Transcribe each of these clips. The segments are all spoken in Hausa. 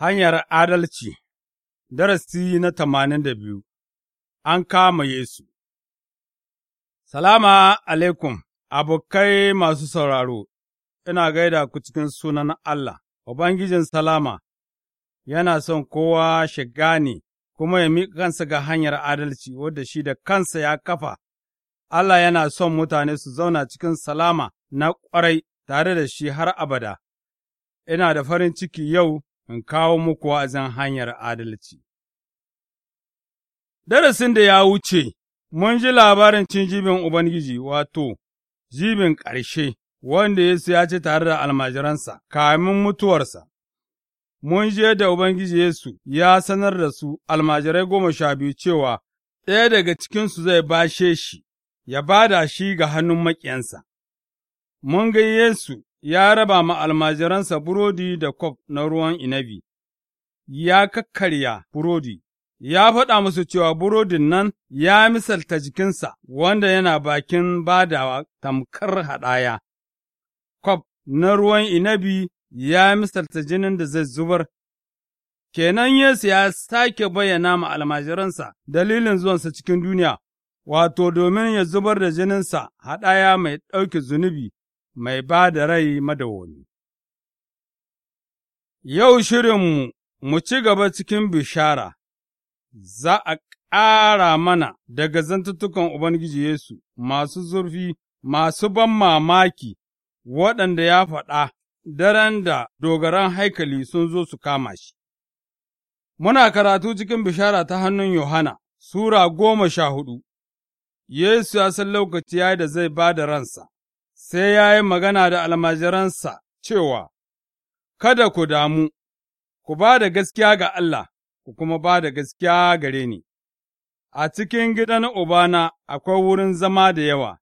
Hanyar adalci Darasi na tamanin da biyu An kama Yesu Salama alaikum, abokai masu sauraro, ina gaida ku cikin sunan Allah, Ubangijin Salama, yana son kowa shiga ne kuma ya miƙa kansa ga hanyar adalci wadda shi da kansa ya kafa. Allah yana son mutane su zauna cikin salama na ƙwarai tare da shi har abada. Ina da farin ciki yau in kawo muku wa'azin hanyar adalci. Darasin da ya wuce, mun ji labarin cin jibin Ubangiji, wato, jibin ƙarshe, wanda Yesu ya ci tare da almajiransa kamin mutuwarsa. Mun je da Ubangiji Yesu ya sanar da su almajirai goma sha biyu cewa ɗaya daga cikinsu zai bashe shi, ya bada shi ga hannun maƙiyansa. Mun ga Yesu ya raba ma almajiransa burodi da kwaf na ruwan inabi, ya kakkarya burodi, ya faɗa musu cewa burodin nan ya misalta jikinsa wanda yana bakin badawa tamkar haɗaya, kwaf na ruwan inabi ya misalta jinin da zai zubar. Kenan Yesu ya sake bayyana ma almajiransa dalilin zuwansa cikin duniya, wato domin ya zubar da jininsa haɗaya mai ɗauke zunubi mai ba da rai madawoni. Yau shirinmu mu ci gaba cikin bishara, za a ƙara mana daga zantuttukan Ubangiji Yesu masu zurfi, masu ban mamaki, waɗanda ya faɗa daren da dogaran haikali sun zo su kama shi. Muna karatu cikin bishara ta hannun Yohana, Sura goma sha hudu, Yesu ya san lokaci ya da zai ba da ransa. sai ya yi magana da almajiransa cewa, Kada ku damu, ku ba da gaskiya ga Allah, ku kuma ba da gaskiya gare ni, a cikin gidan Ubana akwai wurin zama da yawa,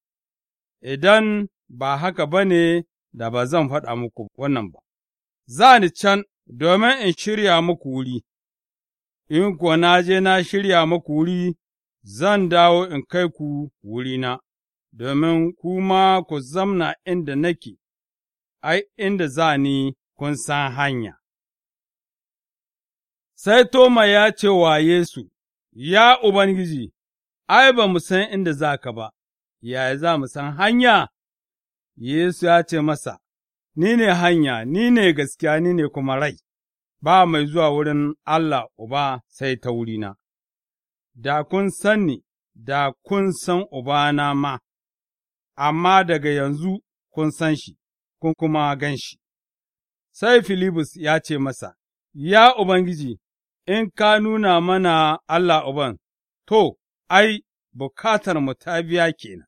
idan ba haka ba ne da ba zan faɗa muku wannan ba, za ni can domin in shirya muku wuri, in kuwa na je na shirya muku wuri, zan dawo in kai ku wurina. domin kuma ku zamna inda nake, ai, inda za ni kun san hanya. Sai Toma ya ce wa Yesu, Ya Ubangiji, ai, ba mu san inda za ka ba, yaya za mu san hanya? Yesu ya ce masa, Ni ne hanya, ni ne gaskiya, ni ne kuma rai, ba mai zuwa wurin Allah Uba sai ta wurina, da kun sani da kun san Ubana ma. amma daga yanzu kun san shi, kun kuma gan shi. Sai Filibus ya ce masa, Ya Ubangiji, in ka nuna mana Allah Uban, to, ai, bukatar mu ta biya kenan.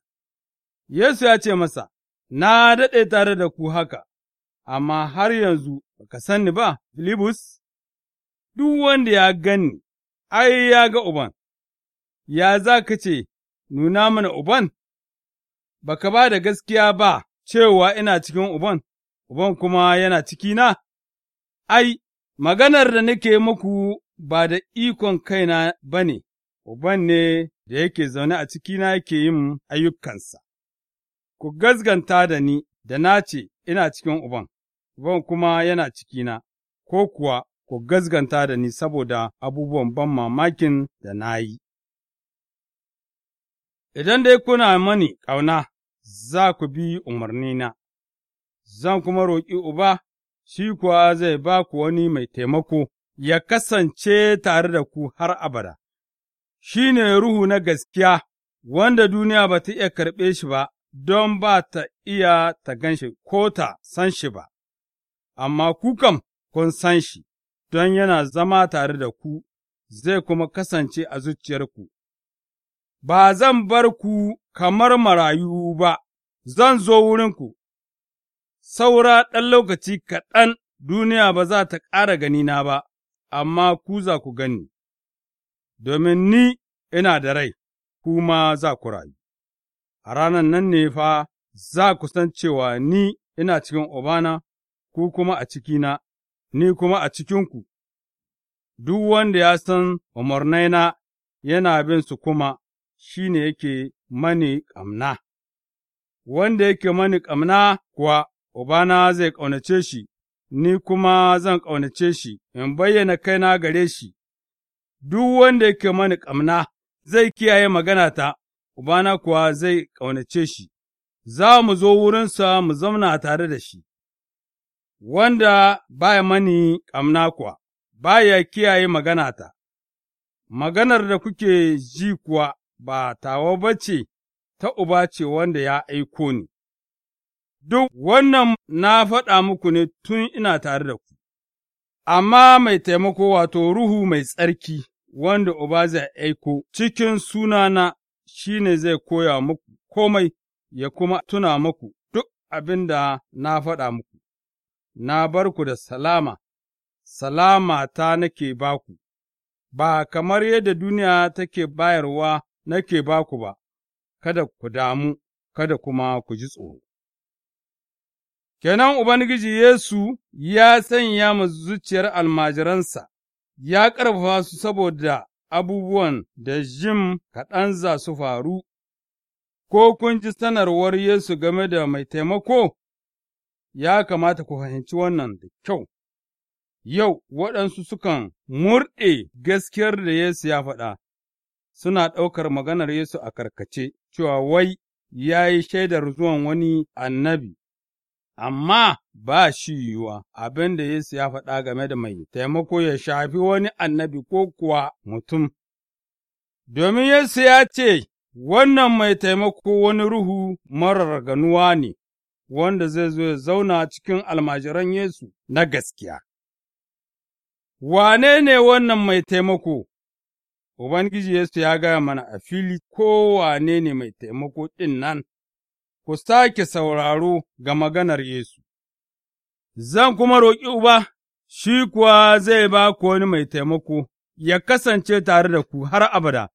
Yesu ya ce masa, Na daɗe tare da ku haka, amma har yanzu baka san ni ba, Filibus? Duk wanda ya gani, ai, ya ga Uban, ya za ka ce, Nuna mana Uban? ba ka ba da gaskiya ba cewa ina cikin Uban, Uban kuma yana cikina? Ai, maganar da nake muku ba da ikon kaina ba ne, Uban ne da yake zaune a cikina yake yin ayyukansa. Ku gazganta da ni da na ce ina cikin Uban, Uban kuma yana cikina, ko kuwa ku gazganta da ni saboda abubuwan ban mamakin da na yi. Idan dai kuna mani ƙauna, za ku bi umarnina, zan kuma roƙi Uba, shi kuwa zai ba ku wani mai taimako, ya kasance tare da ku har abada, shi ne Ruhu na gaskiya, wanda duniya ba ta iya karɓe shi ba, don ba ta iya ta gan shi ko ta san shi ba, amma ku kam kun san shi, don yana zama tare da ku, zai kuma kasance a zuciyarku. Ba zan bar ku kamar marayu ba, zan zo wurinku, saura ɗan lokaci kaɗan duniya ba za ta ƙara ganina ba, amma ku za ku gani, domin ni ina da rai, ku ma za ku rayu. A ranar nan ne fa za ku san cewa ni ina cikin Obana, ku kuma a cikina, ni kuma a cikinku, duk wanda ya san umarnaina yana bin su kuma shi ne yake mani ƙamna, wanda yake mani ƙamna kuwa, Ubana zai ƙaunace shi, ni kuma zan ƙaunace shi, in bayyana kaina gare shi, duk wanda yake mani ƙamna zai kiyaye magana ta, Ubana kuwa zai ƙaunace shi, za mu zo wurinsa mu zamna tare da shi, wanda baya mani ƙamna kuwa, baya kiyaye magana ta. maganar da kuke ji kuwa ba tawa ba ce, ta Uba ce wanda ya aiko ni. Duk wannan na faɗa muku ne tun ina tare da ku, amma mai taimako wato Ruhu mai tsarki, wanda Uba zai aiko cikin sunana shi ne zai koya muku komai ya kuma tuna muku duk abin da na faɗa muku, na bar ku da salama, salama ta nake baku, ba kamar yadda duniya take bayarwa nake ba ku ba, kada ku damu, kada kuma ku ji tsoro. Kenan Ubangiji Yesu ya sanya mu zuciyar almajiransa, ya ƙarfafa su saboda abubuwan da jim kaɗan za su faru, ko kun ji sanarwar Yesu game da mai taimako, ya kamata ku fahimci wannan da kyau. Yau waɗansu sukan murɗe gaskiyar da Yesu ya faɗa, suna ɗaukar maganar Yesu a karkace, cewa wai ya yi shaidar zuwan wani annabi, amma ba shi yiwuwa abin da Yesu ya faɗa game da mai taimako ya shafi wani annabi ko kuwa mutum. Domin Yesu ya ce, Wannan mai taimako wani ruhu marar ganuwa ne, wanda zai zo ya zauna cikin almajiran Yesu na gaskiya. Wane ne wannan mai taimako? Ubangiji Yesu ya gaya mana a fili kowane ne mai taimako ɗin nan, ku sake sauraro ga maganar Yesu. Zan kuma roƙi Uba, shi kuwa zai ba ku wani mai taimako, ya kasance tare da ku har abada,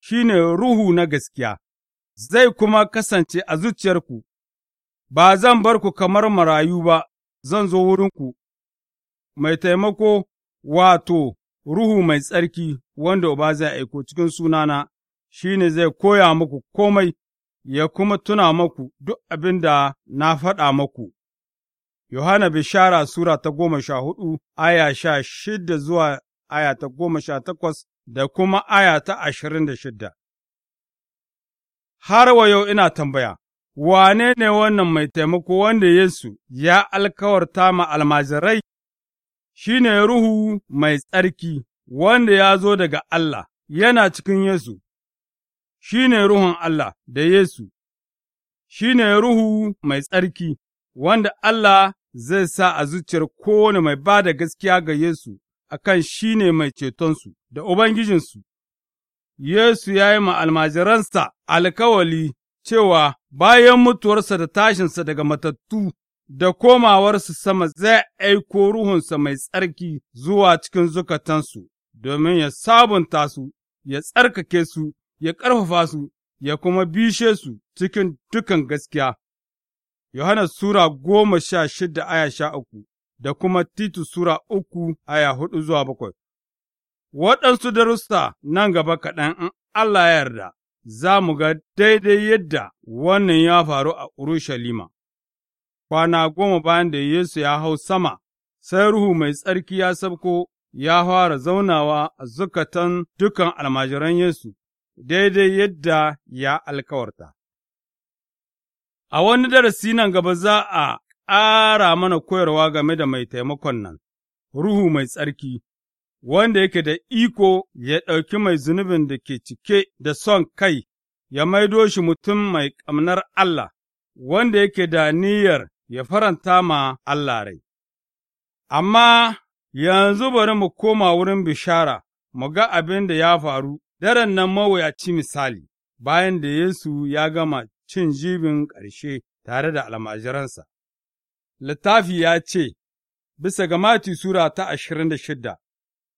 shi ne Ruhu na gaskiya, zai kuma kasance a zuciyarku, ba zan bar ku kamar marayu ba, zan zo wurinku, mai taimako, wato, Ruhu mai tsarki wanda Uba zai aiko cikin sunana, shi ne zai koya muku komai, ya kuma tuna muku duk abin da na faɗa muku. Yohana Bishara Sura ta goma sha hudu, aya sha shida zuwa aya ta goma sha takwas da kuma aya ta ashirin da shida. Har wa yau ina tambaya, wane ne wannan mai taimako wanda Yesu ya alkawarta ma almajirai? Shi ne Ruhu mai tsarki, wanda ya zo daga Allah yana cikin Yesu, shi ne Ruhun Allah da Yesu, shi ne Ruhu mai tsarki, wanda Allah zai sa a zuciyar kowane mai ba da gaskiya ga Yesu akan shi ne mai cetonsu da Ubangijinsu. Yesu ya yi almajiransa alkawali cewa bayan mutuwarsa da tashinsa daga matattu da komawarsu sama zai aiko ruhunsa mai tsarki zuwa cikin zukatansu, domin ya sabunta su, ya tsarkake su, ya ƙarfafa su, ya kuma bishe su cikin dukan gaskiya. Yohana Sura goma sha shida aya sha uku da kuma titu Sura uku aya hudu zuwa bakwai. Waɗansu darussa nan gaba kaɗan in Allah ya yarda, za mu ga daidai yadda wannan ya faru a Urushalima. Kwana goma bayan da Yesu ya hau sama, sai Ruhu mai tsarki ya sabko ya fara zaunawa a zukatan dukan almajiran Yesu, daidai yadda ya alkawarta. A wani darasi nan gaba za a ƙara mana koyarwa game da mai taimakon nan, Ruhu mai tsarki, wanda yake da iko ya ɗauki mai zunubin da ke cike da son kai, ya maido shi mutum mai ƙamnar Allah, wanda yake da niyyar ya faranta ma Allah rai. Amma yanzu bari mu koma wurin bishara, mu ga abin da ya faru, daren nan mawuyaci misali, bayan da Yesu ya gama cin jibin ƙarshe tare da almajiransa. Littafi ya ce, bisa ga Mati Sura ta ashirin da shida,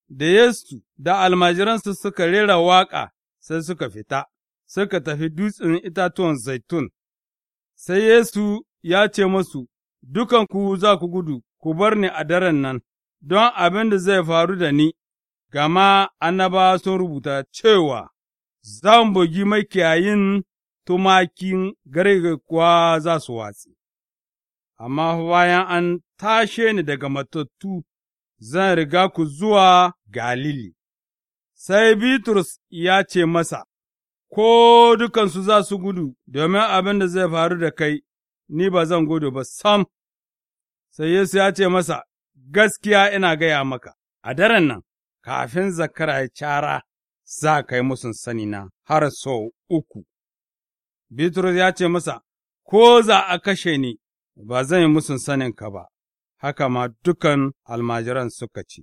da Yesu da almajiransa suka rera waƙa sai suka fita, suka tafi dutsen itatuwan zaitun, sai Yesu ya ce masu, Dukanku za ku gudu, ku bar ni a daren nan. don abin da zai faru da ni, gama ba sun rubuta cewa, Zan bugi makiyayin tumakin garga kuwa za su watsi, amma bayan an tashe ni daga matattu, zan riga ku zuwa Galili. Sai Bitrus ya ce masa, Ko dukansu za su gudu, domin abin da zai faru da kai, ni ba zan gudu ba sam. Sai Yesu ya ce masa, gaskiya ina gaya maka, a daren nan, kafin zakara ya cara, za ka yi musun na har sau uku. Bitrus ya ce masa, Ko za a kashe ni, ba zan yi musun saninka ba, haka ma dukan almajiran suka ce.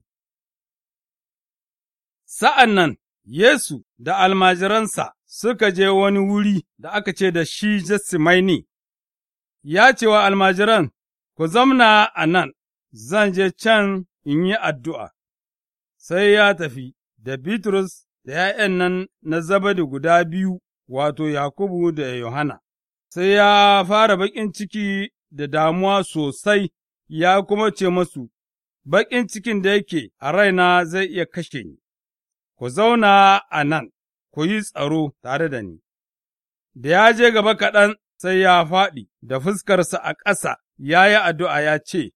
Sa'an nan, Yesu da almajiransa suka je wani wuri da aka ce da shi Jessimaini, ya ce wa almajiran, Ku zamna a nan zan je can in yi addu'a, sai ya tafi da Bitrus da ’ya'yan nan na zabadi guda biyu, wato Yakubu da Yohana, sai ya fara baƙin ciki da damuwa sosai, ya kuma ce masu, Baƙin cikin da yake a raina zai iya kashe ni, ku zauna a nan, ku yi tsaro tare da ni. Da ya je gaba kaɗan sai ya faɗi da fuskarsa a ƙasa ya yi addu'a ya ce,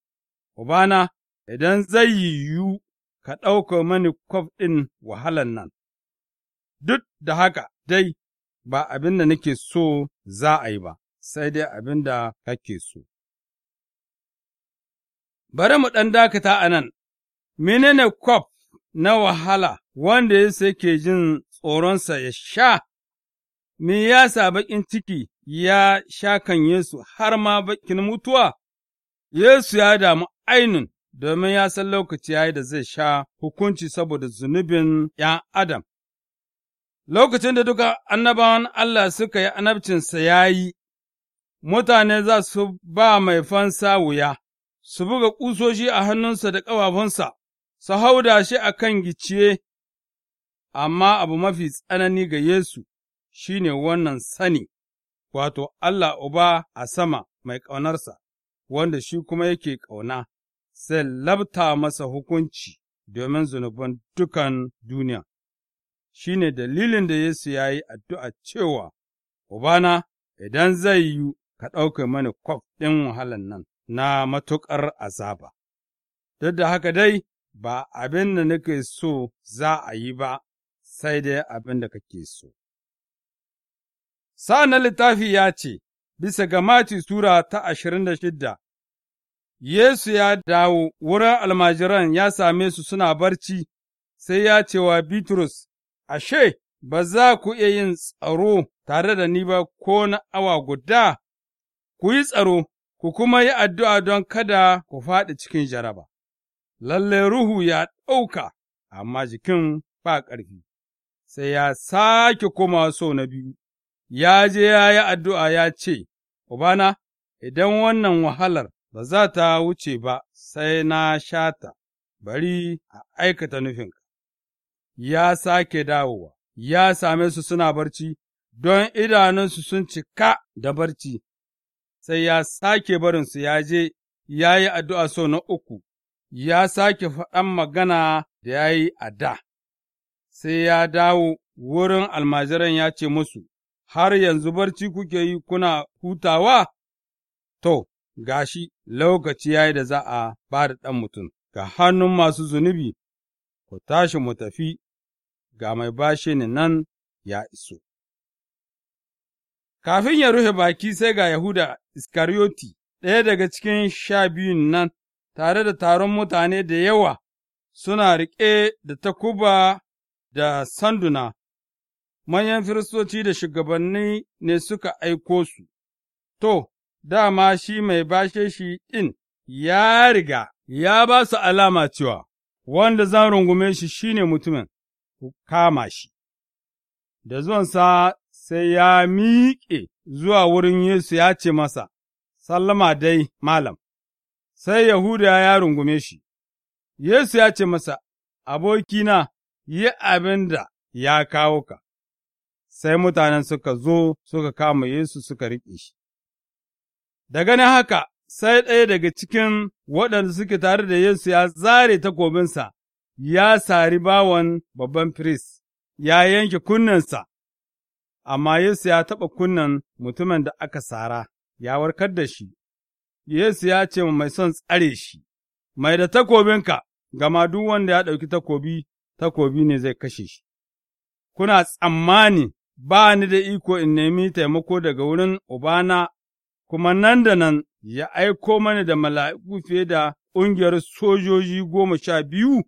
Ubana, idan zai yiwu ka ɗauka mani kwaf ɗin wahalan nan, duk da haka dai ba abin da nake so za a yi ba, sai dai abin da kake so. Bari mu ɗan dakata a nan, menene kwaf na wahala wanda sai yake jin tsoronsa ya sha, me yasa baƙin ciki ya sha kan Yesu har ma baƙin mutuwa? Yesu ya damu ainun domin ya san lokaci ya yi da zai sha hukunci saboda zunubin ’yan Adam. Lokacin da duka annabawan Allah suka yi annabcinsa ya yi, mutane za su ba mai fansa wuya, su buga ƙusoshi a hannunsa da ƙafafunsa, su hauda shi a kan gicciye amma abu mafi tsanani ga Yesu shi ne wannan sani, wato Allah Uba a sama mai ƙaunarsa, wanda shi kuma yake ƙauna. sai labta masa hukunci domin zunuban dukan duniya. Shi ne dalilin da Yesu ya yi addu'a cewa, Ubana, idan zai yi ka ɗauka mani kwaf ɗin wahalan nan na matuƙar azaba. Duk da haka dai, ba abin da nake so za a yi ba, sai dai abin da kake so. Sa'an littafi ya ce, bisa ga Mati Sura ta ashirin da shidda, Yesu ya dawo wurin almajiran ya same su suna barci, sai ya ce wa Bitrus, Ashe, ba za ku iya yin tsaro tare da ni ba ko na awa guda, ku yi tsaro, ku kuma yi addu'a don kada ku faɗi cikin jaraba. Lalle ruhu ya ɗauka, amma jikin ba ƙarfi, sai ya sake koma so na biyu, ya je ya yi addu'a ya ce, Ubana, idan wannan wahalar ba za ta wuce ba sai na sha ta, bari a aikata nufinka. Ya sake dawowa, ya same su suna barci, don idanunsu sun cika da barci, sai ya sake barinsu ya je ya yi addu'a so na uku, ya sake faɗan magana da ya yi a da, sai ya dawo wurin almajiran ya ce musu, Har yanzu barci kuke yi kuna hutawa? To, gashi lokaci ya yi da za a da ɗan mutum ga hannun masu zunubi, ku tashi mu tafi ga mai bashi ni nan ya iso. Kafin ya rufe baki sai ga Yahuda Iskariyoti, ɗaya daga cikin sha biyun nan, tare da taron mutane da yawa suna riƙe da takuba da sanduna, manyan firistoci da shugabanni ne suka aiko su. To, dama shi mai bashe shi ɗin ya riga ya ba su alama cewa wanda zan rungume shi shine mutumin, ku kama shi. Da zuwansa sai ya miƙe zuwa wurin Yesu ya ce masa, Sallama dai, Malam, sai Yahuda ya rungume shi, Yesu ya ce masa, Abokina, yi abin da ya kawo ka, sai mutanen suka zo suka kama Yesu suka riƙe shi. Da ganin haka, sai ɗaya daga cikin waɗanda suke tare da Yesu ya zare takobinsa, ya sari bawan babban firist, ya yanke kunnensa, amma Yesu ya taɓa kunnen mutumin da aka sara, ya warkar da shi. Yesu ya ce mai son tsare shi, mai da takobinka, gama duk wanda ya ɗauki takobi, takobi ne zai kashe shi. Kuna tsammani ba ni da iko in nemi taimako daga wurin Ubana kuma nan da nan ya aiko mana da mala'iku fiye da ƙungiyar sojoji goma sha biyu?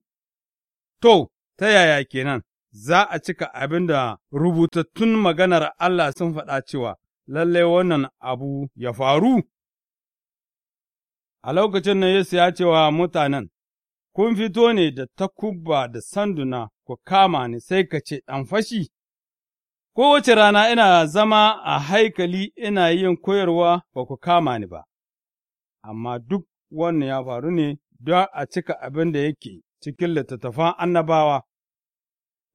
To, ta yaya kenan, za a cika abin da rubutattun maganar Allah sun faɗa cewa, lallai wannan abu ya faru? A lokacin nan Yesu ya ce wa mutanen, Kun fito ne da takuba da sanduna ku kama ni sai ka ce ɗan fashi, Kowace rana ina zama a haikali ina yin koyarwa ba ku kama ni ba, amma duk wannan ya faru ne don a cika abin da yake cikin littattafan annabawa,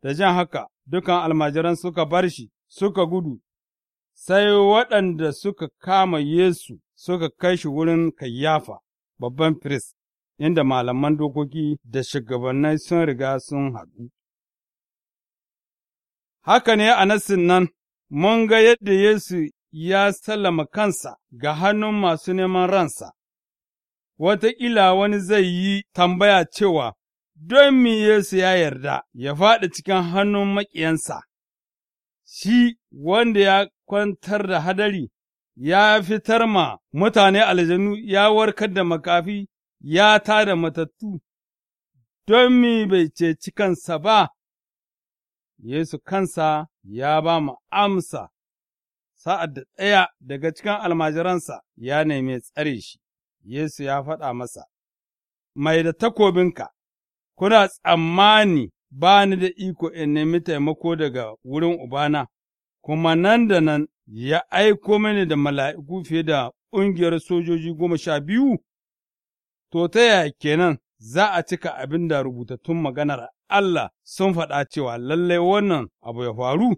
da jan haka dukan almajiran suka bar shi suka gudu, sai waɗanda suka kama Yesu suka kai shi wurin kayyafa babban firist, inda malaman dokoki da shugabannai sun riga sun haɗu. haka ne a nassin nan, mun ga yadda Yesu ya sallama kansa ga hannun masu neman ransa, wataƙila wani zai yi tambaya cewa, Don mi Yesu ya yarda ya faɗi cikin hannun maƙiyansa, shi wanda ya kwantar da hadari, ya fitar ma mutane aljanu, ya warkar da makafi, ya tā da matattu, don mi bai ce cikansa ba. Yesu kansa ya ba mu amsa, sa'ad da ɗaya daga cikin almajiransa ya neme tsare shi, Yesu ya faɗa masa, Mai da takobinka, kuna tsammani ba ni da iko in nemi taimako daga wurin Ubana, kuma nan da nan ya aiko mini da mala'iku fiye da ƙungiyar sojoji goma sha biyu? To, ta yaya kenan za a cika abin da rubutattun maganar Allah sun faɗa cewa lallai wannan abu ya faru?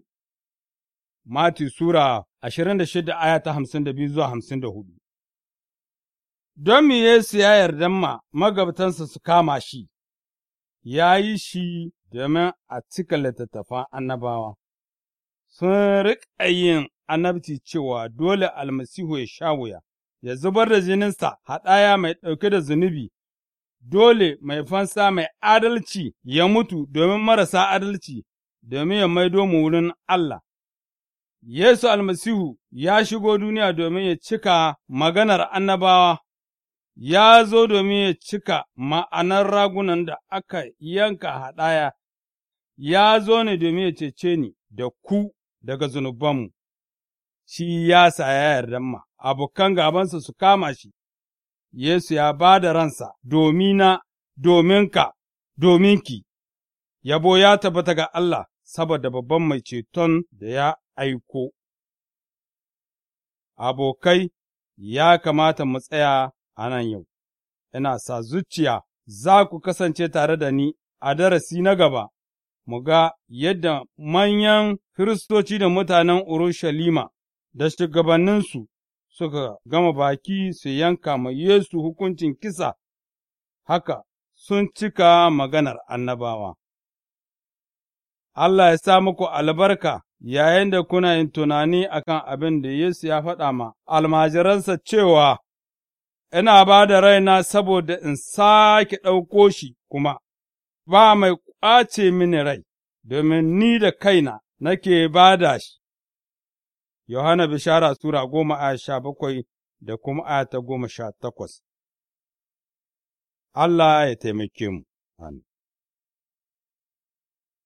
Mati Sura ashirin da shida aya ta hamsin da biyu zuwa hamsin da hudu Don me Yesu ya yarda ma magabtansa su kama shi, ya yi shi domin a cika littattafan annabawa, sun riƙa yin annabci cewa dole almasihu ya sha wuya, ya zubar da jininsa haɗaya mai ɗauke da zunubi dole mai fansa mai adalci ya mutu domin marasa adalci, domin ya maido mu wurin Allah. Yesu almasihu ya shigo duniya domin ya cika maganar annabawa, ya zo domin ya cika ma'anar ragunan da aka yanka haɗaya, ya zo ne domin ya cece ni da ku daga zunubanmu, shi ya sa ya abokan gabansa su kama shi, Yesu ya ba da ransa domina, dominka, dominki, yabo ya tabbata ga Allah saboda babban mai ceton da ya aiko. Abokai, ya kamata mu tsaya a nan yau, ina sa zuciya za ku kasance tare da ni a darasi na gaba, mu ga yadda manyan Kiristoci da mutanen Urushalima da shugabanninsu suka gama baki su yanka ma Yesu hukuncin kisa, haka sun cika maganar annabawa. Allah ya sa muku albarka yayin da kuna yin tunani akan abin da Yesu ya faɗa ma almajiransa cewa, Ina ba da raina saboda in sake ɗauko shi kuma, ba mai ƙwace mini rai, domin ni da kaina nake ba da shi. Yohana Bishara Sura goma a sha bakwai da kuma a ta goma sha takwas. Allah ya taimake mu. Amin.